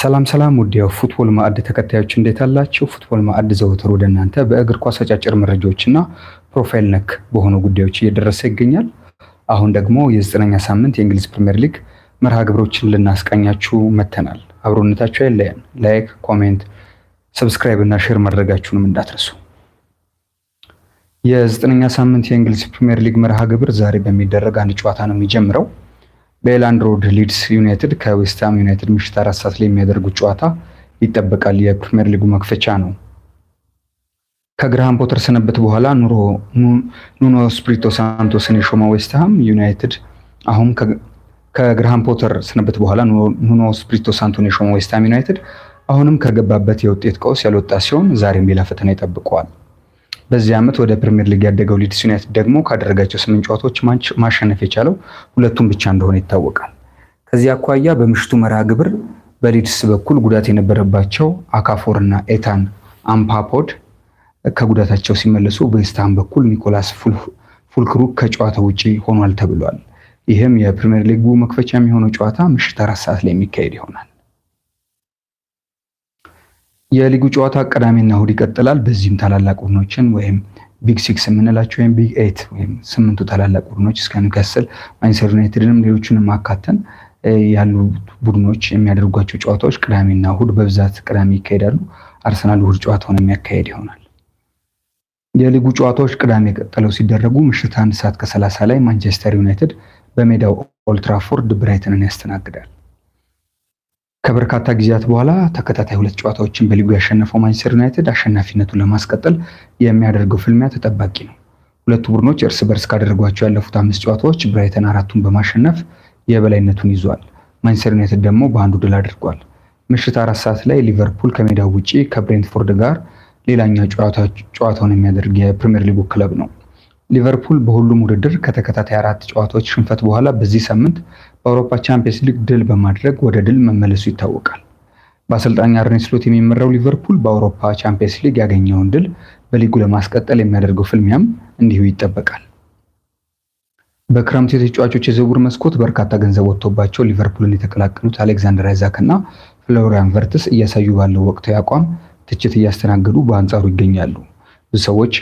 ሰላም ሰላም ውድ የፉትቦል ማዕድ ተከታዮች እንዴት አላችሁ? ፉትቦል ማዕድ ዘወትር ወደ እናንተ በእግር ኳስ አጫጭር መረጃዎችና ፕሮፋይል ነክ በሆኑ ጉዳዮች እየደረሰ ይገኛል። አሁን ደግሞ የዘጠነኛ ሳምንት የእንግሊዝ ፕሪምየር ሊግ መርሃ ግብሮችን ልናስቃኛችሁ መተናል። አብሮነታችሁ አይለየን። ላይክ፣ ኮሜንት፣ ሰብስክራይብ እና ሼር ማድረጋችሁንም እንዳትረሱ። የዘጠነኛ ሳምንት የእንግሊዝ ፕሪምየር ሊግ መርሃ ግብር ዛሬ በሚደረግ አንድ ጨዋታ ነው የሚጀምረው። በኤላንድ ሮድ ሊድስ ዩናይትድ ከዌስትሃም ዩናይትድ ምሽት አራት ሰዓት ላይ የሚያደርጉት ጨዋታ ይጠበቃል። የፕሪሚየር ሊጉ መክፈቻ ነው። ከግርሃም ፖተር ስንብት በኋላ ኑኖ ስፕሪቶ ሳንቶስን የሾመ ዌስትሃም ዩናይትድ አሁን ከግርሃም ፖተር ስንብት በኋላ ኑኖ ስፕሪቶ ሳንቶን የሾመ ዌስትሃም ዩናይትድ አሁንም ከገባበት የውጤት ቀውስ ያልወጣ ሲሆን ዛሬም ሌላ ፈተና ይጠብቀዋል። በዚህ ዓመት ወደ ፕሪሚየር ሊግ ያደገው ሊድስ ዩናይትድ ደግሞ ካደረጋቸው ስምንት ጨዋታዎች ማሸነፍ የቻለው ሁለቱን ብቻ እንደሆነ ይታወቃል። ከዚህ አኳያ በምሽቱ መርሃ ግብር በሊድስ በኩል ጉዳት የነበረባቸው አካፎር እና ኤታን አምፓፖድ ከጉዳታቸው ሲመለሱ በዌስትሃም በኩል ኒኮላስ ፉልክሩክ ከጨዋታ ውጪ ሆኗል ተብሏል። ይህም የፕሪሚየር ሊጉ መክፈቻ የሚሆነው ጨዋታ ምሽት አራት ሰዓት ላይ የሚካሄድ ይሆናል። የሊጉ ጨዋታ ቅዳሜና እሁድ ይቀጥላል። በዚህም ታላላቅ ቡድኖችን ወይም ቢግ ሲክስ የምንላቸው ወይም ቢግ ኤት ወይም ስምንቱ ታላላቅ ቡድኖች እስከ ኒውካስል፣ ማንቸስተር ዩናይትድንም ሌሎችንም አካተን ያሉ ቡድኖች የሚያደርጓቸው ጨዋታዎች ቅዳሜና እሁድ በብዛት ቅዳሜ ይካሄዳሉ። አርሰናል እሁድ ጨዋታውን የሚያካሄድ ይሆናል። የሊጉ ጨዋታዎች ቅዳሜ ቀጥለው ሲደረጉ ምሽት አንድ ሰዓት ከሰላሳ ላይ ማንቸስተር ዩናይትድ በሜዳው ኦልትራፎርድ ብራይተንን ያስተናግዳል። ከበርካታ ጊዜያት በኋላ ተከታታይ ሁለት ጨዋታዎችን በሊጉ ያሸነፈው ማንቸስተር ዩናይትድ አሸናፊነቱን ለማስቀጠል የሚያደርገው ፍልሚያ ተጠባቂ ነው። ሁለቱ ቡድኖች እርስ በርስ ካደረጓቸው ያለፉት አምስት ጨዋታዎች ብራይተን አራቱን በማሸነፍ የበላይነቱን ይዟል። ማንቸስተር ዩናይትድ ደግሞ በአንዱ ድል አድርጓል። ምሽት አራት ሰዓት ላይ ሊቨርፑል ከሜዳው ውጪ ከብሬንትፎርድ ጋር ሌላኛው ጨዋታውን የሚያደርግ የፕሪምየር ሊጉ ክለብ ነው። ሊቨርፑል በሁሉም ውድድር ከተከታታይ አራት ጨዋታዎች ሽንፈት በኋላ በዚህ ሳምንት በአውሮፓ ቻምፒየንስ ሊግ ድል በማድረግ ወደ ድል መመለሱ ይታወቃል። በአሰልጣኝ አርኔ ስሎት የሚመራው ሊቨርፑል በአውሮፓ ቻምፒየንስ ሊግ ያገኘውን ድል በሊጉ ለማስቀጠል የሚያደርገው ፍልሚያም እንዲሁ ይጠበቃል። በክረምት የተጫዋቾች የዝውውር መስኮት በርካታ ገንዘብ ወጥቶባቸው ሊቨርፑልን የተቀላቀሉት አሌክዛንደር አይዛክ እና ፍሎሪያን ቨርትስ እያሳዩ ባለው ወቅታዊ አቋም ትችት እያስተናገዱ በአንጻሩ ይገኛሉ ብዙ ሰዎች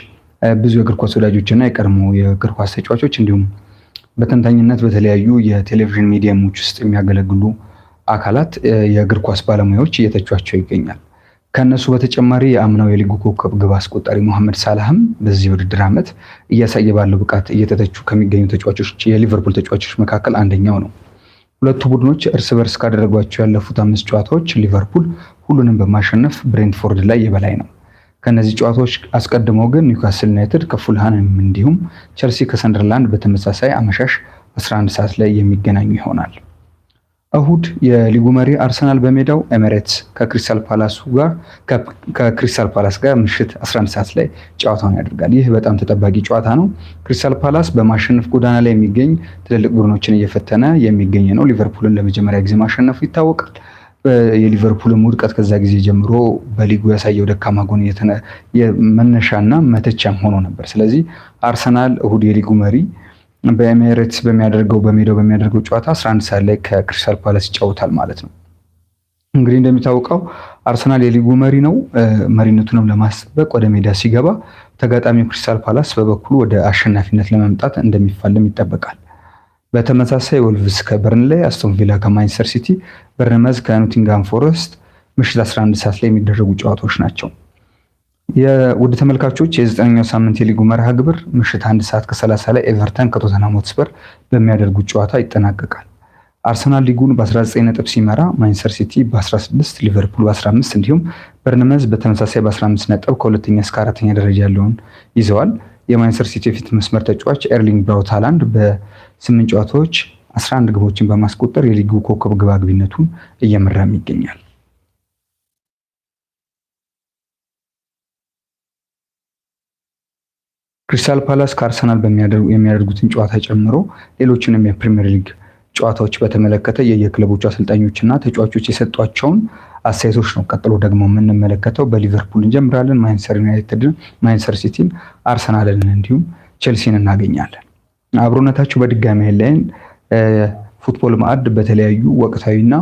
ብዙ የእግር ኳስ ወዳጆች እና የቀድሞ የእግር ኳስ ተጫዋቾች እንዲሁም በተንታኝነት በተለያዩ የቴሌቪዥን ሚዲየሞች ውስጥ የሚያገለግሉ አካላት የእግር ኳስ ባለሙያዎች እየተቿቸው ይገኛል። ከእነሱ በተጨማሪ የአምናው የሊጉ ኮከብ ግብ አስቆጣሪ መሐመድ ሳላህም በዚህ ውድድር ዓመት እያሳየ ባለው ብቃት እየተተቹ ከሚገኙ ተጫዋቾች የሊቨርፑል ተጫዋቾች መካከል አንደኛው ነው። ሁለቱ ቡድኖች እርስ በርስ ካደረጓቸው ያለፉት አምስት ጨዋታዎች ሊቨርፑል ሁሉንም በማሸነፍ ብሬንትፎርድ ላይ የበላይ ነው። ከነዚህ ጨዋታዎች አስቀድሞ ግን ኒውካስል ዩናይትድ ከፉልሃንም እንዲሁም ቸልሲ ከሰንደርላንድ በተመሳሳይ አመሻሽ 11 ሰዓት ላይ የሚገናኙ ይሆናል። እሁድ የሊጉ መሪ አርሰናል በሜዳው ኤሜሬትስ ከክሪስታል ፓላስ ጋር ከክሪስታል ፓላስ ጋር ምሽት 11 ሰዓት ላይ ጨዋታውን ያደርጋል። ይህ በጣም ተጠባቂ ጨዋታ ነው። ክሪስታል ፓላስ በማሸነፍ ጎዳና ላይ የሚገኝ ትልልቅ ቡድኖችን እየፈተነ የሚገኝ ነው። ሊቨርፑልን ለመጀመሪያ ጊዜ ማሸነፉ ይታወቃል። የሊቨርፑልም ውድቀት ከዛ ጊዜ ጀምሮ በሊጉ ያሳየው ደካማ ጎን መነሻና መተቻም ሆኖ ነበር። ስለዚህ አርሰናል እሁድ የሊጉ መሪ በኤሜሬትስ በሚያደርገው በሜዳው በሚያደርገው ጨዋታ 11 ሰዓት ላይ ከክሪስታል ፓላስ ይጫወታል ማለት ነው። እንግዲህ እንደሚታወቀው አርሰናል የሊጉ መሪ ነው። መሪነቱንም ለማስጠበቅ ወደ ሜዳ ሲገባ ተጋጣሚው ክሪስታል ፓላስ በበኩሉ ወደ አሸናፊነት ለመምጣት እንደሚፋለም ይጠበቃል። በተመሳሳይ ወልቭስ ከበርን ላይ፣ አስቶን ቪላ ከማንቸስተር ሲቲ፣ በርነመዝ ከኖቲንጋም ፎረስት ምሽት 11 ሰዓት ላይ የሚደረጉ ጨዋታዎች ናቸው። የውድ ተመልካቾች የዘጠነኛው ሳምንት የሊጉ መርሃ ግብር ምሽት አንድ ሰዓት ከሰላሳ ላይ ኤቨርተን ከቶተንሃም ሆትስፐር በሚያደርጉት ጨዋታ ይጠናቀቃል። አርሰናል ሊጉን በ19 ነጥብ ሲመራ ማንቸስተር ሲቲ በ16 ሊቨርፑል በ15 እንዲሁም በርነመዝ በተመሳሳይ በ15 ነጥብ ከሁለተኛ እስከ አራተኛ ደረጃ ያለውን ይዘዋል። የማንቸስተር ሲቲ የፊት መስመር ተጫዋች ኤርሊንግ ብራውት ሃላንድ በስምንት ጨዋታዎች 11 ግቦችን በማስቆጠር የሊጉ ኮከብ ግባግቢነቱን እየመራም ይገኛል። ክሪስታል ፓላስ ከአርሰናል የሚያደርጉትን ጨዋታ ጨምሮ ሌሎችንም የፕሪምየር ሊግ ጨዋታዎች በተመለከተ የየክለቦቹ አሰልጣኞችና ተጫዋቾች የሰጧቸውን አስተያየቶች ነው። ቀጥሎ ደግሞ የምንመለከተው በሊቨርፑል እንጀምራለን። ማንቸስተር ዩናይትድን፣ ማንቸስተር ሲቲን፣ አርሰናልን እንዲሁም ቼልሲን እናገኛለን። አብሮነታቸው በድጋሚ ያለን ፉትቦል ማዕድ በተለያዩ ወቅታዊና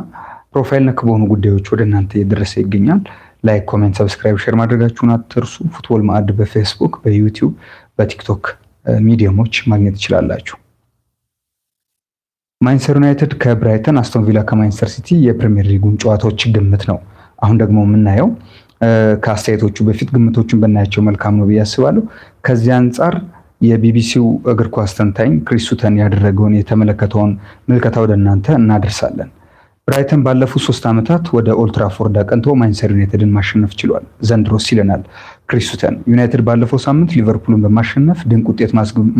ፕሮፋይል ነክ በሆኑ ጉዳዮች ወደ እናንተ እየደረሰ ይገኛል። ላይክ፣ ኮሜንት፣ ሰብስክራይብ፣ ሼር ማድረጋችሁን አትርሱ። ፉትቦል ማዕድ በፌስቡክ፣ በዩቲዩብ፣ በቲክቶክ ሚዲየሞች ማግኘት ትችላላችሁ። ማንቸስተር ዩናይትድ ከብራይተን፣ አስቶን ቪላ ከማንቸስተር ሲቲ የፕሪሚየር ሊጉን ጨዋታዎች ግምት ነው። አሁን ደግሞ የምናየው ከአስተያየቶቹ በፊት ግምቶቹን በናያቸው መልካም ነው ብዬ አስባለሁ። ከዚህ አንጻር የቢቢሲው እግር ኳስ ተንታኝ ክሪሱተን ያደረገውን የተመለከተውን ምልከታ ወደ እናንተ እናደርሳለን። ብራይተን ባለፉት ሶስት ዓመታት ወደ ኦልትራፎርድ አቀንቶ ማንቸስተር ዩናይትድን ማሸነፍ ችሏል። ዘንድሮስ ይለናል ክሪሱተን። ዩናይትድ ባለፈው ሳምንት ሊቨርፑልን በማሸነፍ ድንቅ ውጤት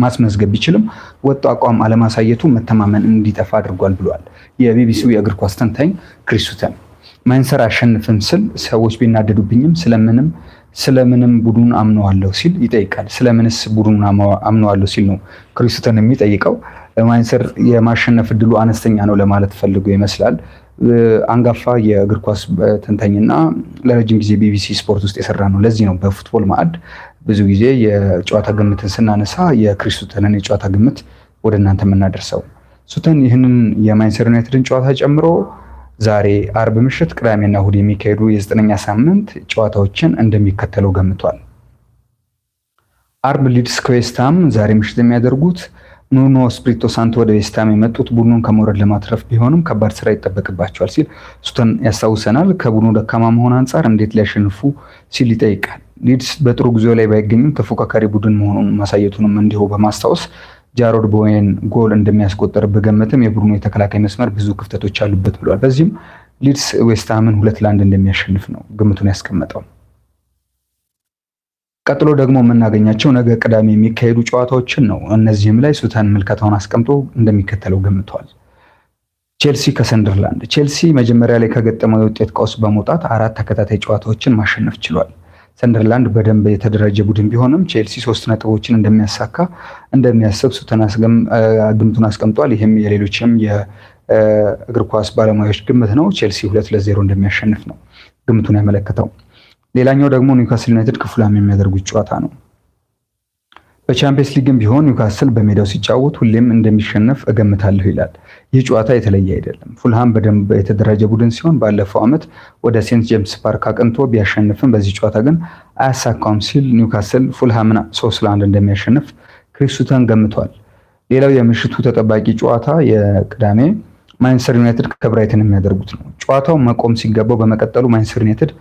ማስመዝገብ ቢችልም ወጥ አቋም አለማሳየቱ መተማመን እንዲጠፋ አድርጓል ብሏል የቢቢሲው የእግር ኳስ ተንታኝ ክሪሱተን። ማንቸስተር አሸንፍም ስል ሰዎች ቢናደዱብኝም ስለምንም ስለምንም ቡድኑን አምነዋለሁ ሲል ይጠይቃል። ስለምንስ ቡድኑን አምነዋለሁ ሲል ነው ክሪስቶን የሚጠይቀው። ማንችስተር የማሸነፍ እድሉ አነስተኛ ነው ለማለት ፈልጎ ይመስላል። አንጋፋ የእግር ኳስ ተንታኝና ለረጅም ጊዜ ቢቢሲ ስፖርት ውስጥ የሰራ ነው። ለዚህ ነው በፉትቦል ማዕድ ብዙ ጊዜ የጨዋታ ግምትን ስናነሳ የክሪስቶተንን የጨዋታ ግምት ወደ እናንተ የምናደርሰው። ሱተን ይህንን የማንችስተር ዩናይትድን ጨዋታ ጨምሮ ዛሬ አርብ ምሽት፣ ቅዳሜና እሁድ የሚካሄዱ የዘጠነኛ ሳምንት ጨዋታዎችን እንደሚከተለው ገምቷል። አርብ ሊድስ ከዌስትሃም ዛሬ ምሽት የሚያደርጉት ኑኖ ስፕሪቶ ሳንቶ ወደ ዌስትሃም የመጡት ቡድኑን ከመውረድ ለማትረፍ ቢሆንም ከባድ ስራ ይጠበቅባቸዋል ሲል እሱተን ያስታውሰናል። ከቡድኑ ደካማ መሆን አንጻር እንዴት ሊያሸንፉ ሲል ይጠይቃል። ሊድስ በጥሩ ጊዜ ላይ ባይገኝም ተፎካካሪ ቡድን መሆኑን ማሳየቱንም እንዲሁ በማስታወስ ጃሮድ ቦዌን ጎል እንደሚያስቆጠር በገመትም የቡድኑ የተከላካይ መስመር ብዙ ክፍተቶች አሉበት ብለዋል። በዚህም ሊድስ ዌስትሃምን ሁለት ለአንድ እንደሚያሸንፍ ነው ግምቱን ያስቀመጠው። ቀጥሎ ደግሞ የምናገኛቸው ነገ ቅዳሜ የሚካሄዱ ጨዋታዎችን ነው። እነዚህም ላይ ሱተን ምልከታውን አስቀምጦ እንደሚከተለው ገምተዋል። ቼልሲ ከሰንደርላንድ ቼልሲ መጀመሪያ ላይ ከገጠመው የውጤት ቀውስ በመውጣት አራት ተከታታይ ጨዋታዎችን ማሸነፍ ችሏል። ሰንደርላንድ በደንብ የተደራጀ ቡድን ቢሆንም ቼልሲ ሶስት ነጥቦችን እንደሚያሳካ እንደሚያስብ ግምቱን አስቀምጧል። ይህም የሌሎችም የእግር ኳስ ባለሙያዎች ግምት ነው። ቼልሲ ሁለት ለዜሮ እንደሚያሸንፍ ነው ግምቱን ያመለከተው። ሌላኛው ደግሞ ኒውካስል ዩናይትድ ከፉላም የሚያደርጉት ጨዋታ ነው። በቻምፒየንስ ሊግም ቢሆን ኒውካስል በሜዳው ሲጫወት ሁሌም እንደሚሸነፍ እገምታለሁ ይላል። ይህ ጨዋታ የተለየ አይደለም። ፉልሃም በደንብ የተደራጀ ቡድን ሲሆን ባለፈው ዓመት ወደ ሴንት ጄምስ ፓርክ አቅንቶ ቢያሸንፍም በዚህ ጨዋታ ግን አያሳካውም ሲል ኒውካስል ፉልሃምን ሶስት ለአንድ እንደሚያሸንፍ ክሪስቱተን ገምቷል። ሌላው የምሽቱ ተጠባቂ ጨዋታ የቅዳሜ ማንቸስተር ዩናይትድ ከብራይትን የሚያደርጉት ነው። ጨዋታው መቆም ሲገባው በመቀጠሉ ማንቸስተር ዩናይትድ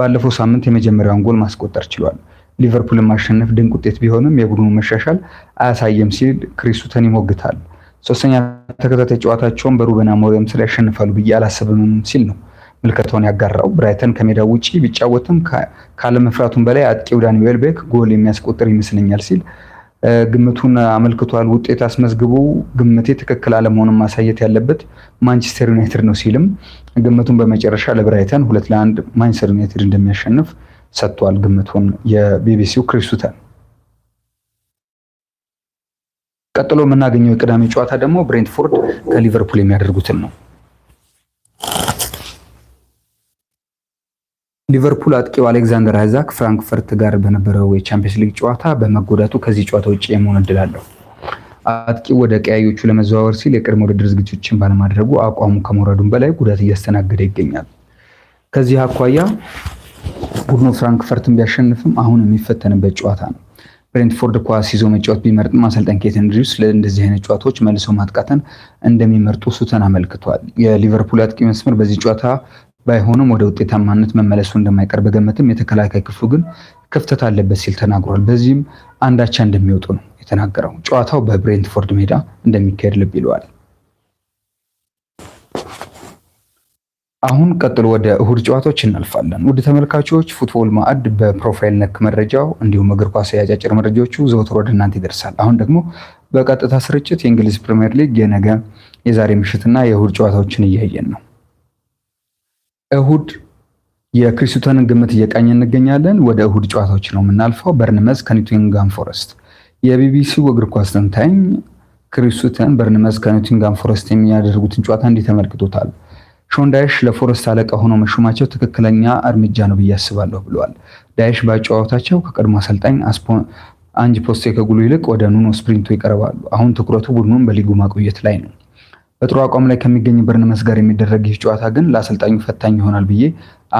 ባለፈው ሳምንት የመጀመሪያውን ጎል ማስቆጠር ችሏል። ሊቨርፑልን ማሸነፍ ድንቅ ውጤት ቢሆንም የቡድኑ መሻሻል አያሳየም ሲል ክሪስቱተን ይሞግታል። ሶስተኛ ተከታታይ ጨዋታቸውን በሩበን አሞሪም ስር ያሸንፋሉ ብዬ አላስብም ሲል ነው ምልከታውን ያጋራው። ብራይተን ከሜዳው ውጪ ቢጫወትም ካለመፍራቱን በላይ አጥቂው ዳኒ ዌልቤክ ጎል የሚያስቆጥር ይመስለኛል ሲል ግምቱን አመልክቷል። ውጤት አስመዝግቡ ግምቴ ትክክል አለመሆኑን ማሳየት ያለበት ማንቸስተር ዩናይትድ ነው ሲልም ግምቱን በመጨረሻ ለብራይተን ሁለት ለአንድ ማንቸስተር ዩናይትድ እንደሚያሸንፍ ሰጥቷል ግምቱን የቢቢሲው ክሪሱተን። ቀጥሎ የምናገኘው የቅዳሜ ጨዋታ ደግሞ ብሬንትፎርድ ከሊቨርፑል የሚያደርጉትን ነው። ሊቨርፑል አጥቂው አሌክዛንደር አይዛክ ፍራንክፈርት ጋር በነበረው የቻምፒየንስ ሊግ ጨዋታ በመጎዳቱ ከዚህ ጨዋታ ውጭ የመሆን እድል አለው። አጥቂው ወደ ቀያዮቹ ለመዘዋወር ሲል የቅድመ ውድድር ዝግጅቶችን ባለማድረጉ አቋሙ ከመውረዱም በላይ ጉዳት እያስተናገደ ይገኛል። ከዚህ አኳያ ቡድኑ ፍራንክፈርትን ቢያሸንፍም አሁን የሚፈተንበት ጨዋታ ነው። ብሬንትፎርድ ኳስ ይዞ መጫወት ቢመርጥም አሰልጣኝ ኬት ለእንደዚህ አይነት ጨዋታዎች መልሶ ማጥቃትን እንደሚመርጡ ሱተን አመልክቷል። የሊቨርፑል አጥቂ መስመር በዚህ ጨዋታ ባይሆንም ወደ ውጤታማነት መመለሱ እንደማይቀር በገመትም የተከላካይ ክፍሉ ግን ክፍተት አለበት ሲል ተናግሯል። በዚህም አንዳቻ እንደሚወጡ ነው የተናገረው። ጨዋታው በብሬንትፎርድ ሜዳ እንደሚካሄድ ልብ ይለዋል። አሁን ቀጥሎ ወደ እሁድ ጨዋታዎች እናልፋለን። ውድ ተመልካቾች ፉትቦል ማዕድ በፕሮፋይል ነክ መረጃው እንዲሁም እግር ኳስ የአጫጭር መረጃዎቹ ዘውትር ወደ እናንተ ይደርሳል። አሁን ደግሞ በቀጥታ ስርጭት የእንግሊዝ ፕሪምየር ሊግ የነገ የዛሬ ምሽትና የእሁድ ጨዋታዎችን እያየን ነው። እሁድ የክሪስቱተንን ግምት እየቃኝ እንገኛለን። ወደ እሁድ ጨዋታዎች ነው የምናልፈው። በርንመዝ ከኒውቲንጋም ፎረስት የቢቢሲው እግር ኳስ ተንታኝ ክሪስቱተን በርንመዝ ከኒውቲንጋም ፎረስት የሚያደርጉትን ጨዋታ እንዲህ ተመልክቶታል። ሾን ዳይሽ ለፎረስት አለቃ ሆኖ መሾማቸው ትክክለኛ እርምጃ ነው ብዬ አስባለሁ ብለዋል። ዳይሽ በአጨዋወታቸው ከቀድሞ አሰልጣኝ አንጅ ከጉሉ ይልቅ ወደ ኑኖ ስፕሪንቶ ይቀርባሉ። አሁን ትኩረቱ ቡድኑን በሊጉ ማቆየት ላይ ነው። በጥሩ አቋም ላይ ከሚገኝ በርንመዝ ጋር የሚደረግ ይህ ጨዋታ ግን ለአሰልጣኙ ፈታኝ ይሆናል ብዬ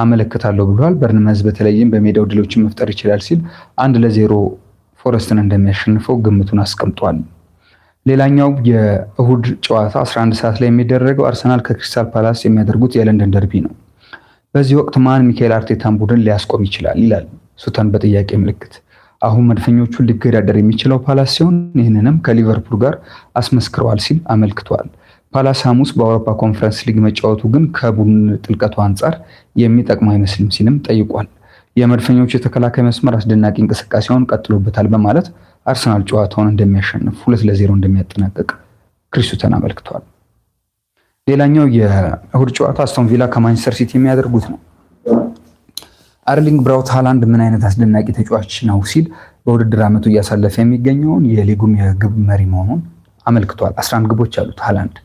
አመለክታለሁ ብለዋል። በርንመዝ በተለይም በሜዳው ድሎችን መፍጠር ይችላል ሲል አንድ ለዜሮ ፎረስትን እንደሚያሸንፈው ግምቱን አስቀምጧል። ሌላኛው የእሁድ ጨዋታ 11 ሰዓት ላይ የሚደረገው አርሰናል ከክሪስታል ፓላስ የሚያደርጉት የለንደን ደርቢ ነው። በዚህ ወቅት ማን ሚካኤል አርቴታን ቡድን ሊያስቆም ይችላል ይላል ሱተን በጥያቄ ምልክት። አሁን መድፈኞቹን ሊገዳደር የሚችለው ፓላስ ሲሆን ይህንንም ከሊቨርፑል ጋር አስመስክረዋል ሲል አመልክቷል። ፓላስ ሐሙስ በአውሮፓ ኮንፈረንስ ሊግ መጫወቱ ግን ከቡድን ጥልቀቱ አንጻር የሚጠቅመው አይመስልም ሲልም ጠይቋል። የመድፈኞቹ የተከላካይ መስመር አስደናቂ እንቅስቃሴውን ቀጥሎበታል በማለት አርሰናል ጨዋታውን እንደሚያሸንፍ ሁለት ለዜሮ እንደሚያጠናቀቅ ክሪስቱተን አመልክተዋል። ሌላኛው የእሁድ ጨዋታ አስቶን ቪላ ከማንቸስተር ሲቲ የሚያደርጉት ነው። አርሊንግ ብራውት ሃላንድ ምን አይነት አስደናቂ ተጫዋች ነው ሲል በውድድር ዓመቱ እያሳለፈ የሚገኘውን የሊጉም የግብ መሪ መሆኑን አመልክቷል። 11 ግቦች አሉት ሃላንድ።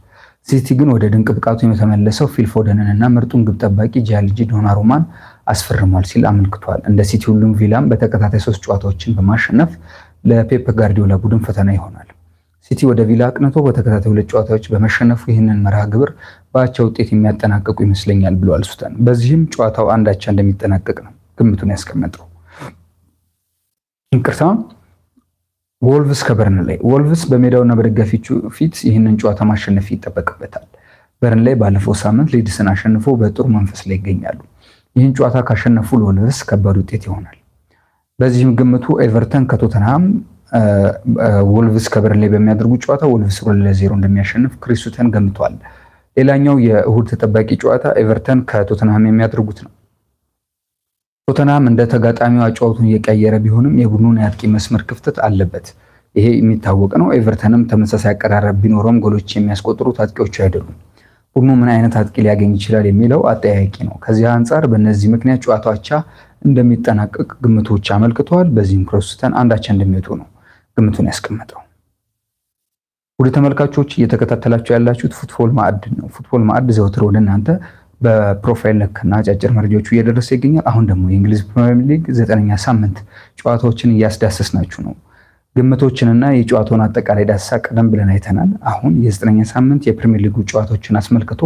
ሲቲ ግን ወደ ድንቅ ብቃቱ የተመለሰው ፊልፎደንን እና ምርጡን ግብ ጠባቂ ጂያልጂ ዶናሩማን አስፈርሟል ሲል አመልክቷል። እንደ ሲቲ ሁሉም ቪላም በተከታታይ ሶስት ጨዋታዎችን በማሸነፍ ለፔፕ ጋርዲዮላ ቡድን ፈተና ይሆናል። ሲቲ ወደ ቪላ አቅንቶ በተከታታይ ሁለት ጨዋታዎች በመሸነፉ ይህንን መርሃ ግብር በአቻ ውጤት የሚያጠናቀቁ ይመስለኛል ብለዋል ሱተን። በዚህም ጨዋታው አንዳቻ እንደሚጠናቀቅ ነው ግምቱን ያስቀመጠው። ይቅርታ ወልቭስ ላይ ወልቭስ በሜዳውና በደጋፊዎቹ ፊት ይህንን ጨዋታ ማሸነፍ ይጠበቅበታል። ላይ ባለፈው ሳምንት ሊድስን አሸንፎ በጥሩ መንፈስ ላይ ይገኛሉ። ይህን ጨዋታ ካሸነፉ ለወልቭስ ከባድ ውጤት ይሆናል። በዚህም ግምቱ ኤቨርተን ከቶተንሃም ወልቭስ ከበርንሌይ በሚያደርጉ ጨዋታ ወልቭስ ሁለት ለዜሮ እንደሚያሸንፍ ክሪስቱተን ገምቷል። ሌላኛው የእሁድ ተጠባቂ ጨዋታ ኤቨርተን ከቶተንሃም የሚያደርጉት ነው። ቶተንሃም እንደ ተጋጣሚው አጫዋቱን እየቀየረ ቢሆንም የቡድኑን የአጥቂ መስመር ክፍተት አለበት። ይሄ የሚታወቅ ነው። ኤቨርተንም ተመሳሳይ አቀራረብ ቢኖረውም ጎሎች የሚያስቆጥሩት አጥቂዎቹ አይደሉም። ቡድኑ ምን አይነት አጥቂ ሊያገኝ ይችላል የሚለው አጠያያቂ ነው። ከዚህ አንጻር በእነዚህ ምክንያት ጨዋታቻ እንደሚጠናቀቅ ግምቶች አመልክተዋል። በዚህም ፕሮስተን አንዳችን እንደሚወጡ ነው ግምቱን ያስቀመጠው። ወደ ተመልካቾች እየተከታተላችሁ ያላችሁት ፉትቦል ማዕድ ነው። ፉትቦል ማዕድ ዘውትር ወደ እናንተ በፕሮፋይል ነክና አጫጭር መረጃዎቹ እየደረሰ ይገኛል። አሁን ደግሞ የእንግሊዝ ፕሪሚየር ሊግ ዘጠነኛ ሳምንት ጨዋታዎችን እያስዳሰስናችሁ ነው። ግምቶችንና የጨዋታውን አጠቃላይ ዳሳ ቀደም ብለን አይተናል። አሁን የዘጠነኛ ሳምንት የፕሪሚየር ሊጉ ጨዋታዎችን አስመልክቶ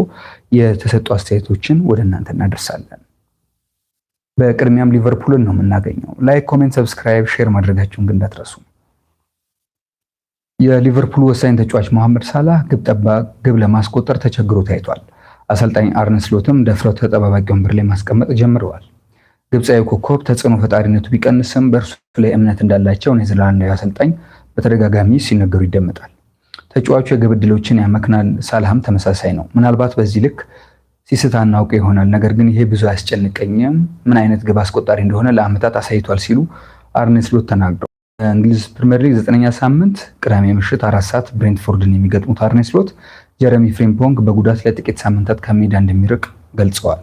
የተሰጡ አስተያየቶችን ወደ እናንተ እናደርሳለን። በቅድሚያም ሊቨርፑልን ነው የምናገኘው። ላይክ፣ ኮሜንት፣ ሰብስክራይብ፣ ሼር ማድረጋችሁን ግን እንዳትረሱ። የሊቨርፑል ወሳኝ ተጫዋች መሐመድ ሳላህ ግብ ጠባቅ ግብ ለማስቆጠር ተቸግሮ ታይቷል። አሰልጣኝ አርነ ስሎትም ደፍረው ተጠባባቂ ወንበር ላይ ማስቀመጥ ጀምረዋል። ግብፃዊ ኮከብ ተጽዕኖ ፈጣሪነቱ ቢቀንስም በእርሱ ላይ እምነት እንዳላቸው ኔዘርላንዳዊ አሰልጣኝ በተደጋጋሚ ሲነገሩ ይደመጣል። ተጫዋቹ የግብ ዕድሎችን ያመክናል። ሳላህም ተመሳሳይ ነው። ምናልባት በዚህ ልክ ሲስት አናውቀ ይሆናል፣ ነገር ግን ይሄ ብዙ አያስጨንቀኝም፣ ምን አይነት ግብ አስቆጣሪ እንደሆነ ለአመታት አሳይቷል ሲሉ አርኔስ ስሎት ተናግረው በእንግሊዝ ፕሪምየር ሊግ ዘጠነኛ ሳምንት ቅዳሜ ምሽት አራት ሰዓት ብሬንትፎርድን የሚገጥሙት አርኔስ ስሎት ጀረሚ ፍሪምፖንግ በጉዳት ለጥቂት ሳምንታት ከሜዳ እንደሚርቅ ገልጸዋል።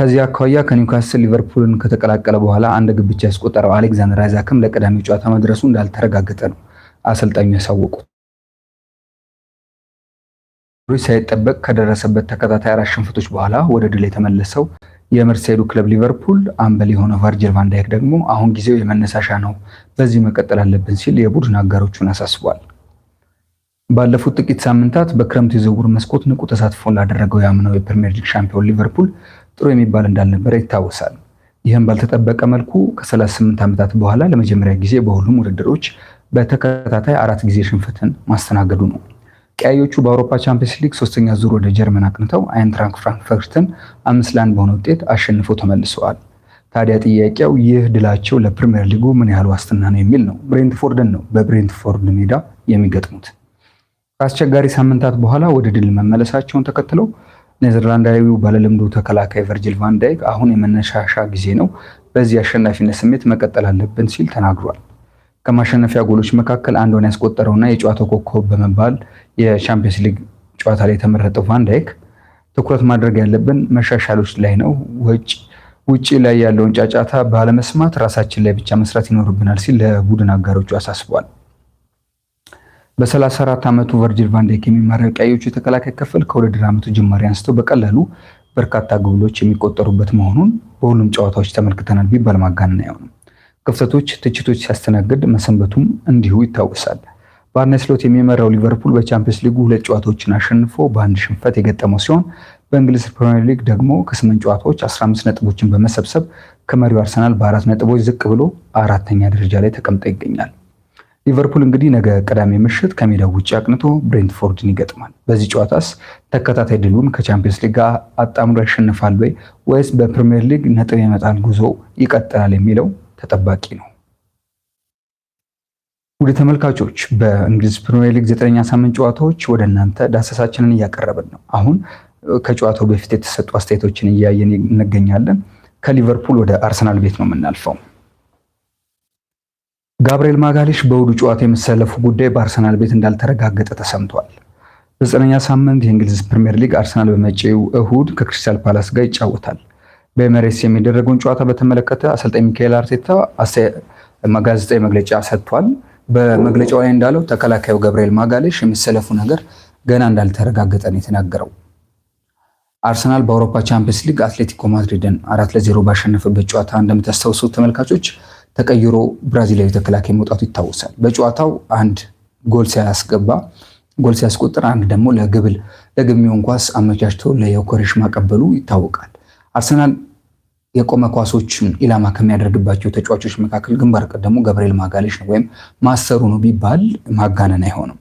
ከዚህ አኳያ ከኒውካስል ሊቨርፑልን ከተቀላቀለ በኋላ አንድ ግብቻ ያስቆጠረው አሌክዛንደር አይዛክም ለቀዳሚው ጨዋታ መድረሱ እንዳልተረጋገጠ ነው አሰልጣኙ ያሳወቁት። ሩጅ ሳይጠበቅ ከደረሰበት ተከታታይ አራት ሽንፈቶች በኋላ ወደ ድል የተመለሰው የመርሴዱ ክለብ ሊቨርፑል አምበል የሆነው ቨርጅል ቫንዳይክ ደግሞ አሁን ጊዜው የመነሳሻ ነው፣ በዚህ መቀጠል አለብን ሲል የቡድን አጋሮቹን አሳስቧል። ባለፉት ጥቂት ሳምንታት በክረምቱ የዝውውር መስኮት ንቁ ተሳትፎን ላደረገው ያምነው የፕሪምየር ሊግ ሻምፒዮን ሊቨርፑል ጥሩ የሚባል እንዳልነበረ ይታወሳል። ይህም ባልተጠበቀ መልኩ ከ38 ዓመታት በኋላ ለመጀመሪያ ጊዜ በሁሉም ውድድሮች በተከታታይ አራት ጊዜ ሽንፈትን ማስተናገዱ ነው። ቀያዮቹ በአውሮፓ ቻምፒየንስ ሊግ ሶስተኛ ዙር ወደ ጀርመን አቅንተው አይንትራንክ ፍራንክፈርትን አምስት ለአንድ በሆነ ውጤት አሸንፈው ተመልሰዋል። ታዲያ ጥያቄው ይህ ድላቸው ለፕሪምየር ሊጉ ምን ያህል ዋስትና ነው የሚል ነው። ብሬንትፎርድን ነው በብሬንትፎርድ ሜዳ የሚገጥሙት። ከአስቸጋሪ ሳምንታት በኋላ ወደ ድል መመለሳቸውን ተከትለው ኔዘርላንዳዊው ባለልምዱ ተከላካይ ቨርጂል ቫንዳይክ አሁን የመነሻሻ ጊዜ ነው፣ በዚህ አሸናፊነት ስሜት መቀጠል አለብን ሲል ተናግሯል። ከማሸነፊያ ጎሎች መካከል አንዷን ያስቆጠረውና የጨዋታው ኮከብ በመባል የሻምፒየንስ ሊግ ጨዋታ ላይ የተመረጠው ቫንዳይክ ትኩረት ማድረግ ያለብን መሻሻሎች ላይ ነው። ውጭ ላይ ያለውን ጫጫታ ባለመስማት ራሳችን ላይ ብቻ መስራት ይኖርብናል ሲል ለቡድን አጋሮቹ አሳስቧል። በ34 ዓመቱ ቨርጅል ቫንዳይክ የሚመራው ቀዮቹ የተከላካይ ክፍል ከውድድር ዓመቱ ጅማሬ አንስተው በቀላሉ በርካታ ግብሎች የሚቆጠሩበት መሆኑን በሁሉም ጨዋታዎች ተመልክተናል ቢባል ማጋነን አይሆንም። ክፍተቶች፣ ትችቶች ሲያስተናግድ መሰንበቱም እንዲሁ ይታወሳል። በአርነ ስሎት የሚመራው ሊቨርፑል በቻምፒየንስ ሊጉ ሁለት ጨዋታዎችን አሸንፎ በአንድ ሽንፈት የገጠመው ሲሆን በእንግሊዝ ፕሪሚየር ሊግ ደግሞ ከስምንት ጨዋታዎች 15 ነጥቦችን በመሰብሰብ ከመሪው አርሰናል በአራት ነጥቦች ዝቅ ብሎ አራተኛ ደረጃ ላይ ተቀምጦ ይገኛል። ሊቨርፑል እንግዲህ ነገ ቅዳሜ ምሽት ከሜዳው ውጭ አቅንቶ ብሬንትፎርድን ይገጥማል። በዚህ ጨዋታስ ተከታታይ ድሉን ከቻምፒየንስ ሊግ ጋር አጣምሮ ያሸንፋል ወይ ወይስ በፕሪሚየር ሊግ ነጥብ የመጣል ጉዞ ይቀጥላል የሚለው ተጠባቂ ነው። ወደ ተመልካቾች በእንግሊዝ ፕሪሚየር ሊግ ዘጠነኛ ሳምንት ጨዋታዎች ወደ እናንተ ዳሰሳችንን እያቀረብን ነው። አሁን ከጨዋታው በፊት የተሰጡ አስተያየቶችን እያየን እንገኛለን። ከሊቨርፑል ወደ አርሰናል ቤት ነው የምናልፈው። ጋብርኤል ማጋሌሽ በውዱ ጨዋታ የመሰለፉ ጉዳይ በአርሰናል ቤት እንዳልተረጋገጠ ተሰምቷል። በዘጠነኛ ሳምንት የእንግሊዝ ፕሪሚየር ሊግ አርሰናል በመጪው እሁድ ከክሪስታል ፓላስ ጋር ይጫወታል። በኤሜሬትስ የሚደረገውን ጨዋታ በተመለከተ አሰልጣኝ ሚካኤል አርቴታ ጋዜጣዊ መግለጫ ሰጥቷል። በመግለጫው ላይ እንዳለው ተከላካዩ ገብርኤል ማጋሌሽ የመሰለፉ ነገር ገና እንዳልተረጋገጠ ነው የተናገረው። አርሰናል በአውሮፓ ቻምፒየንስ ሊግ አትሌቲኮ ማድሪድን አራት ለዜሮ ባሸነፈበት ጨዋታ እንደምታስታውሰው ተመልካቾች ተቀይሮ ብራዚላዊ ተከላካይ መውጣቱ ይታወሳል። በጨዋታው አንድ ጎል ሲያስገባ ጎል ሲያስቆጥር አንድ ደግሞ ለግብል ለግብ የሚሆን ኳስ አመቻችቶ ለዮኮሬሽ ማቀበሉ ይታወቃል። አርሰናል የቆመ ኳሶችን ኢላማ ከሚያደርግባቸው ተጫዋቾች መካከል ግንባር ቀደሙ ገብርኤል ማጋሌሽ ነው ወይም ማሰሩ ነው ቢባል ማጋነን አይሆንም።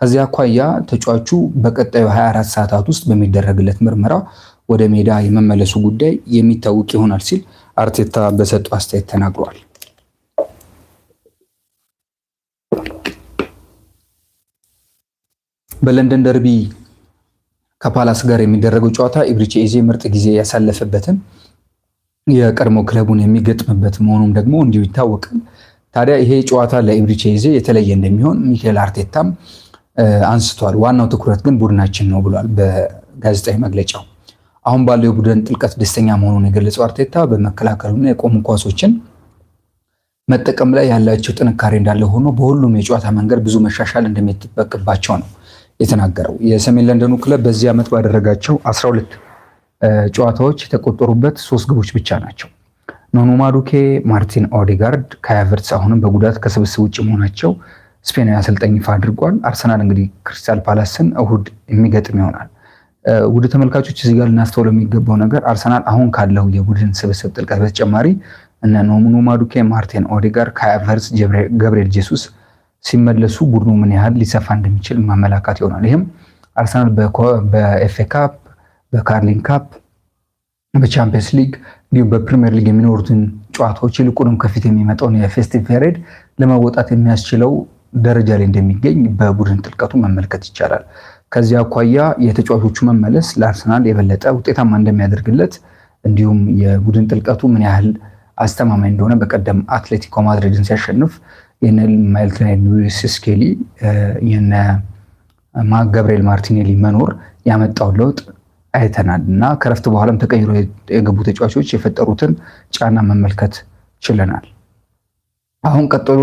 ከዚህ አኳያ ተጫዋቹ በቀጣዩ 24 ሰዓታት ውስጥ በሚደረግለት ምርመራ ወደ ሜዳ የመመለሱ ጉዳይ የሚታወቅ ይሆናል ሲል አርቴታ በሰጠው አስተያየት ተናግሯል። በለንደን ደርቢ ከፓላስ ጋር የሚደረገው ጨዋታ ኢብሪቼ ኤዜ ምርጥ ጊዜ ያሳለፈበትን የቀድሞ ክለቡን የሚገጥምበት መሆኑም ደግሞ እንዲሁ ይታወቃል። ታዲያ ይሄ ጨዋታ ለኢብሪቼዜ የተለየ እንደሚሆን ሚካኤል አርቴታም አንስቷል። ዋናው ትኩረት ግን ቡድናችን ነው ብሏል በጋዜጣዊ መግለጫው። አሁን ባለው የቡድን ጥልቀት ደስተኛ መሆኑን የገለጸው አርቴታ በመከላከሉና የቆሙ ኳሶችን መጠቀም ላይ ያላቸው ጥንካሬ እንዳለ ሆኖ በሁሉም የጨዋታ መንገድ ብዙ መሻሻል እንደሚጠበቅባቸው ነው የተናገረው። የሰሜን ለንደኑ ክለብ በዚህ ዓመት ባደረጋቸው 12 ጨዋታዎች የተቆጠሩበት ሶስት ግቦች ብቻ ናቸው። ኖኖ ማዱኬ፣ ማርቲን ኦዲጋርድ ካይ ሃቨርትስ አሁንም በጉዳት ከስብስብ ውጭ መሆናቸው ስፔናዊ አሰልጣኝ ይፋ አድርጓል። አርሰናል እንግዲህ ክሪስታል ፓላስን እሁድ የሚገጥም ይሆናል። ውድ ተመልካቾች እዚህ ጋር ልናስተውለው የሚገባው ነገር አርሰናል አሁን ካለው የቡድን ስብስብ ጥልቀት በተጨማሪ እነ ኖኒ ማዱኬ፣ ማርቲን ኦዲጋር፣ ካይ ገብርኤል ጄሱስ ሲመለሱ ቡድኑ ምን ያህል ሊሰፋ እንደሚችል ማመላካት ይሆናል። ይህም አርሰናል በኤፍ ኤ ካፕ በካርሊን ካፕ፣ በቻምፒየንስ ሊግ እንዲሁም በፕሪሚየር ሊግ የሚኖሩትን ጨዋታዎች ይልቁንም ከፊት የሚመጣውን የፌስቲቭ ፔሬድ ለመወጣት የሚያስችለው ደረጃ ላይ እንደሚገኝ በቡድን ጥልቀቱ መመልከት ይቻላል። ከዚህ አኳያ የተጫዋቾቹ መመለስ ለአርሰናል የበለጠ ውጤታማ እንደሚያደርግለት እንዲሁም የቡድን ጥልቀቱ ምን ያህል አስተማማኝ እንደሆነ በቀደም አትሌቲኮ ማድሪድን ሲያሸንፍ የነ ማይልትናይል ስኬሊ የነ ገብርኤል ማርቲኔሊ መኖር ያመጣው ለውጥ አይተናል እና ከረፍት በኋላም ተቀይሮ የገቡ ተጫዋቾች የፈጠሩትን ጫና መመልከት ችለናል። አሁን ቀጥሎ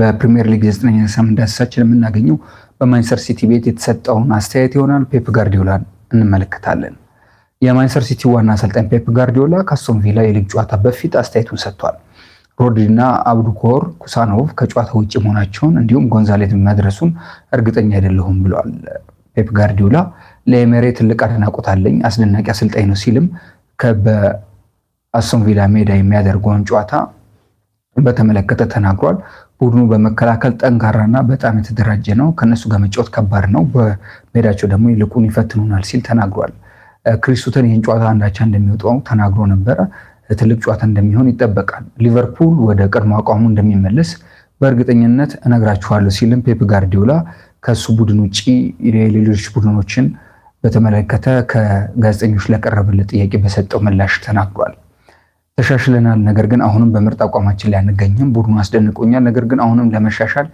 በፕሪሚየር ሊግ የዘጠነኛ ሳምንት ዳሰሳችን የምናገኘው በማንቸስተር ሲቲ ቤት የተሰጠውን አስተያየት ይሆናል። ፔፕ ጋርዲዮላን እንመለከታለን። የማንቸስተር ሲቲ ዋና አሰልጣኝ ፔፕ ጋርዲዮላ ከአስቶን ቪላ የሊግ ጨዋታ በፊት አስተያየቱን ሰጥቷል። ሮድሪና አብዱኮር ኩሳኖቭ ከጨዋታ ውጭ መሆናቸውን እንዲሁም ጎንዛሌት መድረሱን እርግጠኛ አይደለሁም ብለዋል ፔፕ ጋርዲዮላ ለኤሜሬ ትልቅ አድናቆት አለኝ፣ አስደናቂ አሰልጣኝ ነው ሲልም በአስቶን ቪላ ሜዳ የሚያደርገውን ጨዋታ በተመለከተ ተናግሯል። ቡድኑ በመከላከል ጠንካራና በጣም የተደራጀ ነው። ከነሱ ጋር መጫወት ከባድ ነው። በሜዳቸው ደግሞ ይልቁን ይፈትኑናል ሲል ተናግሯል። ክሪስቱተን ይህን ጨዋታ አንዳቻ እንደሚወጣው ተናግሮ ነበረ። ትልቅ ጨዋታ እንደሚሆን ይጠበቃል። ሊቨርፑል ወደ ቀድሞ አቋሙ እንደሚመለስ በእርግጠኝነት እነግራችኋለሁ ሲልም ፔፕ ጋርዲዮላ ከእሱ ቡድን ውጭ የሌሎች ቡድኖችን በተመለከተ ከጋዜጠኞች ለቀረበለት ጥያቄ በሰጠው ምላሽ ተናግሯል። ተሻሽለናል፣ ነገር ግን አሁንም በምርጥ አቋማችን ላይ አንገኝም። ቡድኑ አስደንቆኛል፣ ነገር ግን አሁንም ለመሻሻል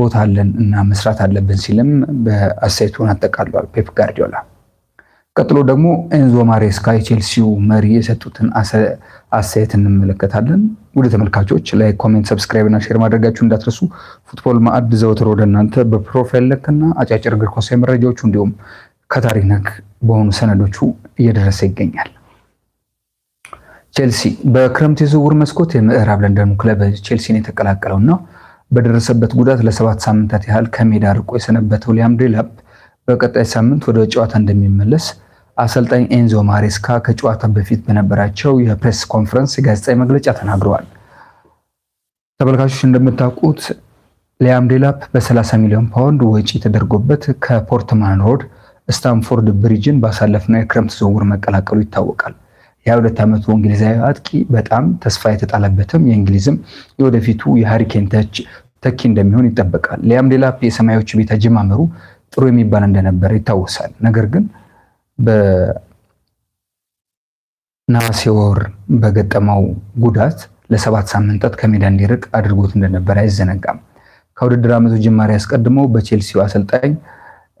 ቦታ አለን እና መስራት አለብን ሲልም በአስተያየቱን አጠቃሏል ፔፕ ጋርዲዮላ። ቀጥሎ ደግሞ ኤንዞ ማሬስካ የቼልሲው መሪ የሰጡትን አስተያየት እንመለከታለን። ወደ ተመልካቾች ላይ ኮሜንት፣ ሰብስክራይብ እና ሼር ማድረጋችሁ እንዳትረሱ። ፉትቦል ማዕድ ዘወትር ወደ እናንተ በፕሮፋይል ለክና አጫጭር እግር ኳሳዊ መረጃዎቹ እንዲሁም ከታሪክ ነክ በሆኑ ሰነዶቹ እየደረሰ ይገኛል። ቼልሲ በክረምት የዝውውር መስኮት የምዕራብ ለንደኑ ክለብ ቼልሲን የተቀላቀለውና በደረሰበት ጉዳት ለሰባት ሳምንታት ያህል ከሜዳ ርቆ የሰነበተው ሊያም ዴላፕ በቀጣይ ሳምንት ወደ ጨዋታ እንደሚመለስ አሰልጣኝ ኤንዞ ማሬስካ ከጨዋታ በፊት በነበራቸው የፕሬስ ኮንፈረንስ የጋዜጣዊ መግለጫ ተናግረዋል። ተመልካቾች እንደምታውቁት ሊያም ዴላፕ በ30 ሚሊዮን ፓውንድ ወጪ ተደርጎበት ከፖርትማን ሮድ ስታንፎርድ ብሪጅን ባሳለፍና የክረምት ዝውውር መቀላቀሉ ይታወቃል። የ22 ዓመቱ እንግሊዛዊ አጥቂ በጣም ተስፋ የተጣለበትም የእንግሊዝም የወደፊቱ የሃሪኬን ተች ተኪ እንደሚሆን ይጠበቃል። ሊያም ዴላፕ የሰማዮች ቤት አጀማመሩ ጥሩ የሚባል እንደነበረ ይታወሳል። ነገር ግን በነሐሴ ወር በገጠመው ጉዳት ለሰባት ሳምንታት ከሜዳ እንዲርቅ አድርጎት እንደነበረ አይዘነጋም። ከውድድር ዓመቱ ጅማሬ አስቀድሞ በቼልሲው አሰልጣኝ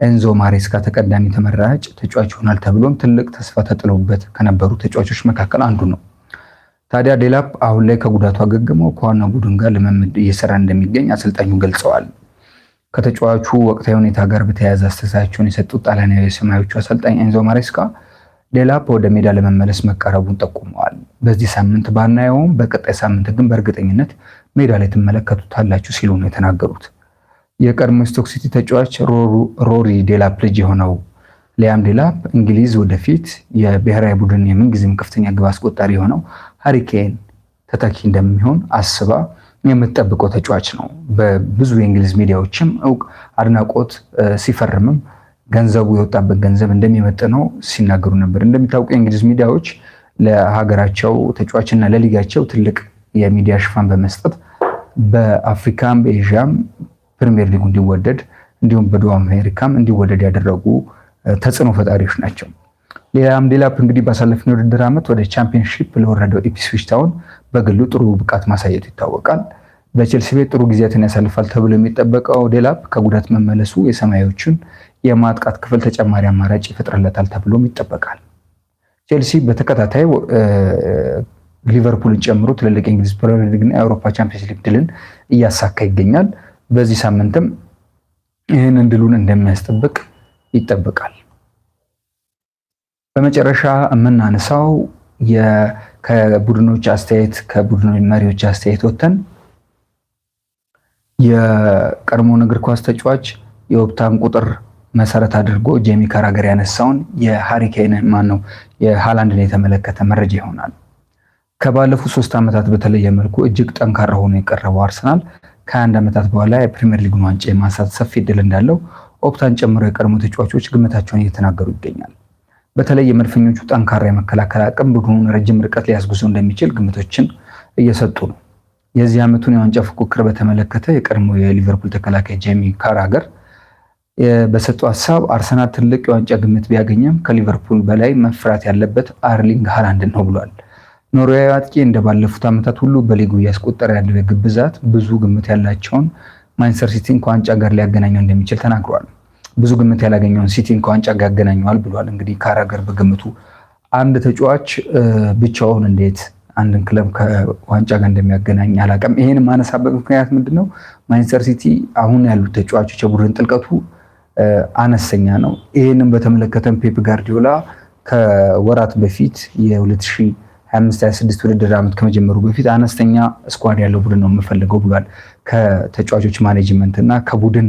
ኤንዞ ማሬስካ ተቀዳሚ ተመራጭ ተጫዋች ይሆናል ተብሎም ትልቅ ተስፋ ተጥሎበት ከነበሩ ተጫዋቾች መካከል አንዱ ነው። ታዲያ ዴላፕ አሁን ላይ ከጉዳቱ አገግሞ ከዋና ቡድን ጋር ልምምድ እየሰራ እንደሚገኝ አሰልጣኙ ገልጸዋል። ከተጫዋቹ ወቅታዊ ሁኔታ ጋር በተያያዘ አስተሳቸውን የሰጡት ጣሊያናዊ የሰማዮቹ አሰልጣኝ ኤንዞ ማሬስካ ዴላፕ ወደ ሜዳ ለመመለስ መቃረቡን ጠቁመዋል። በዚህ ሳምንት ባናየውም፣ በቀጣይ ሳምንት ግን በእርግጠኝነት ሜዳ ላይ ትመለከቱታላችሁ ሲሉ ነው የተናገሩት። የቀድሞ ስቶክ ሲቲ ተጫዋች ሮሪ ዴላፕ ልጅ የሆነው ሊያም ዴላፕ እንግሊዝ ወደፊት የብሔራዊ ቡድን የምንጊዜም ከፍተኛ ግብ አስቆጣሪ የሆነው ሀሪኬን ተተኪ እንደሚሆን አስባ የምትጠብቀው ተጫዋች ነው። በብዙ የእንግሊዝ ሚዲያዎችም እውቅ አድናቆት ሲፈርምም ገንዘቡ የወጣበት ገንዘብ እንደሚመጥነው ሲናገሩ ነበር። እንደሚታወቁ የእንግሊዝ ሚዲያዎች ለሀገራቸው ተጫዋችና ለሊጋቸው ትልቅ የሚዲያ ሽፋን በመስጠት በአፍሪካም በኤዥያም ፕሪሚየር ሊጉ እንዲወደድ እንዲሁም በደቡብ አሜሪካም እንዲወደድ ያደረጉ ተጽዕኖ ፈጣሪዎች ናቸው። ሌላም ሌላ እንግዲህ ባሳለፍነው የውድድር ዓመት ወደ ቻምፒየንሺፕ ለወረደው ኢፕስዊች ታውን በግሉ ጥሩ ብቃት ማሳየቱ ይታወቃል። በቼልሲ ቤት ጥሩ ጊዜያትን ያሳልፋል ተብሎ የሚጠበቀው ዴላፕ ከጉዳት መመለሱ የሰማያዊዎቹን የማጥቃት ክፍል ተጨማሪ አማራጭ ይፈጥርለታል ተብሎም ይጠበቃል። ቼልሲ በተከታታይ ሊቨርፑልን ጨምሮ ትልልቅ የእንግሊዝ ፕሪሚየር ሊግና የአውሮፓ ቻምፒየንስ ሊግ ድልን እያሳካ ይገኛል። በዚህ ሳምንትም ይህንን ድሉን እንደሚያስጠብቅ ይጠበቃል። በመጨረሻ የምናነሳው ከቡድኖች አስተያየት ከቡድኖች መሪዎች አስተያየት ወተን የቀድሞ እግር ኳስ ተጫዋች የወብታን ቁጥር መሰረት አድርጎ ጄሚ ካራገር ያነሳውን የሃሪኬን ማን ነው የሃላንድን የተመለከተ መረጃ ይሆናል። ከባለፉት ሶስት ዓመታት በተለየ መልኩ እጅግ ጠንካራ ሆኖ የቀረበው አርሰናል ከአንድ ዓመታት በኋላ የፕሪምየር ሊጉን ዋንጫ የማንሳት ሰፊ እድል እንዳለው ኦፕታን ጨምሮ የቀድሞ ተጫዋቾች ግምታቸውን እየተናገሩ ይገኛል። በተለይ የመድፈኞቹ ጠንካራ የመከላከል አቅም ቡድኑን ረጅም ርቀት ሊያስጉዞ እንደሚችል ግምቶችን እየሰጡ ነው። የዚህ ዓመቱን የዋንጫ ፉክክር በተመለከተ የቀድሞ የሊቨርፑል ተከላካይ ጄሚ ካራገር በሰጡ ሀሳብ አርሰናል ትልቅ የዋንጫ ግምት ቢያገኝም ከሊቨርፑል በላይ መፍራት ያለበት አርሊንግ ሃላንድን ነው ብሏል። ኖርዌያዊ አጥቂ እንደባለፉት ዓመታት ሁሉ በሊጉ እያስቆጠረ ያለው ግብ ብዛት ብዙ ግምት ያላቸውን ማንቸስተር ሲቲን ከዋንጫ ጋር ሊያገናኘው እንደሚችል ተናግሯል። ብዙ ግምት ያላገኘውን ሲቲን ከዋንጫ ጋር ያገናኘዋል ብሏል። እንግዲህ ካራገር በግምቱ አንድ ተጫዋች ብቻውን እንዴት አንድን ክለብ ከዋንጫ ጋር እንደሚያገናኝ አላውቅም። ይሄን ማነሳበት ምክንያት ምንድን ነው? ማንቸስተር ሲቲ አሁን ያሉት ተጫዋቾች የቡድን ጥልቀቱ አነስተኛ ነው። ይህንም በተመለከተም ፔፕ ጋርዲዮላ ከወራት በፊት የ 25 26 ውድድር ዓመት ከመጀመሩ በፊት አነስተኛ ስኳድ ያለው ቡድን ነው የምፈልገው ብሏል። ከተጫዋቾች ማኔጅመንት እና ከቡድን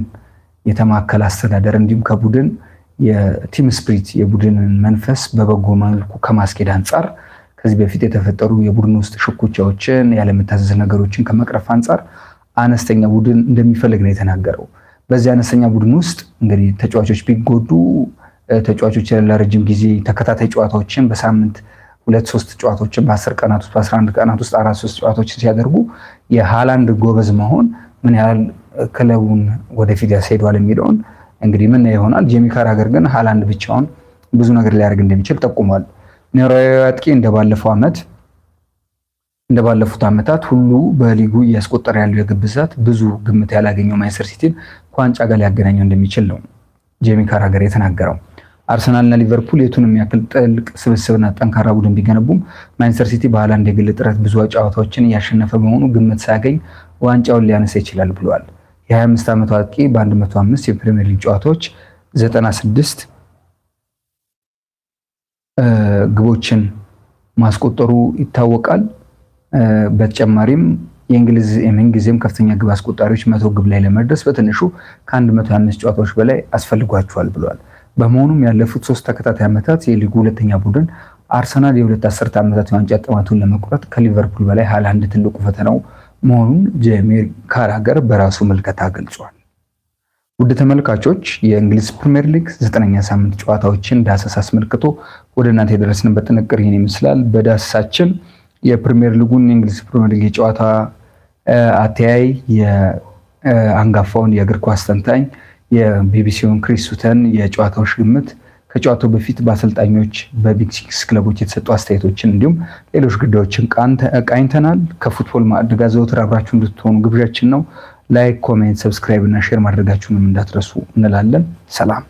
የተማከለ አስተዳደር እንዲሁም ከቡድን የቲም ስፕሪት የቡድንን መንፈስ በበጎ መልኩ ከማስኬድ አንጻር ከዚህ በፊት የተፈጠሩ የቡድን ውስጥ ሽኩቻዎችን ያለመታዘዝ ነገሮችን ከመቅረፍ አንጻር አነስተኛ ቡድን እንደሚፈልግ ነው የተናገረው። በዚህ አነስተኛ ቡድን ውስጥ እንግዲህ ተጫዋቾች ቢጎዱ ተጫዋቾች ለረጅም ጊዜ ተከታታይ ጨዋታዎችን በሳምንት ሁለት ሶስት ጨዋታዎችን በአስር ቀናት ውስጥ በአስራ አንድ ቀናት ውስጥ አራት ሶስት ጨዋታዎችን ሲያደርጉ የሃላንድ ጎበዝ መሆን ምን ያህል ክለቡን ወደፊት ያስሄዷል የሚለውን እንግዲህ ምን ይሆናል። ጄሚ ካራገር ግን ሃላንድ ብቻውን ብዙ ነገር ሊያደርግ እንደሚችል ጠቁሟል። ኖርዌያዊ አጥቂ እንደባለፈው ዓመት እንደባለፉት ዓመታት ሁሉ በሊጉ እያስቆጠረ ያለው የግብ ብዛት ብዙ ግምት ያላገኘው ማንቸስተር ሲቲን ከዋንጫ ጋር ሊያገናኘው እንደሚችል ነው ጄሚ ካራገር የተናገረው። አርሰናልና ሊቨርፑል የቱን የሚያክል ጥልቅ ስብስብና ጠንካራ ቡድን ቢገነቡም ማንቸስተር ሲቲ በሃላንድ የግል ጥረት ብዙ ጨዋታዎችን እያሸነፈ በመሆኑ ግምት ሳያገኝ ዋንጫውን ሊያነሳ ይችላል ብለዋል። የ25 ዓመቱ አጥቂ በ105 የፕሪሚየር ሊግ ጨዋታዎች 96 ግቦችን ማስቆጠሩ ይታወቃል። በተጨማሪም የእንግሊዝ የምንጊዜም ከፍተኛ ግብ አስቆጣሪዎች መቶ ግብ ላይ ለመድረስ በትንሹ ከ105 ጨዋታዎች በላይ አስፈልጓቸዋል ብለዋል። በመሆኑም ያለፉት ሶስት ተከታታይ ዓመታት የሊጉ ሁለተኛ ቡድን አርሰናል የሁለት አስርተ ዓመታት የዋንጫ ጥማቱን ለመቁረጥ ከሊቨርፑል በላይ ሃላንድ ትልቁ ፈተናው መሆኑን ጄሚ ካራገር በራሱ ምልከታ ገልጿል። ውድ ተመልካቾች የእንግሊዝ ፕሪምየር ሊግ ዘጠነኛ ሳምንት ጨዋታዎችን ዳሰስ አስመልክቶ ወደ እናንተ የደረስንበት ጥንቅር ይህን ይመስላል። በዳሰሳችን የፕሪምየር ሊጉን የእንግሊዝ ፕሪምየር ሊግ የጨዋታ አተያይ የአንጋፋውን የእግር ኳስ ተንታኝ የቢቢሲውን ክሪስ ሱተን የጨዋታዎች ግምት ከጨዋታው በፊት በአሰልጣኞች በቢግ ሲክስ ክለቦች የተሰጡ አስተያየቶችን እንዲሁም ሌሎች ጉዳዮችን ቃኝተናል። ከፉትቦል ማዕድ ጋር ዘወትር አብራችሁ እንድትሆኑ ግብዣችን ነው። ላይክ፣ ኮሜንት፣ ሰብስክራይብ እና ሼር ማድረጋችሁንም እንዳትረሱ እንላለን። ሰላም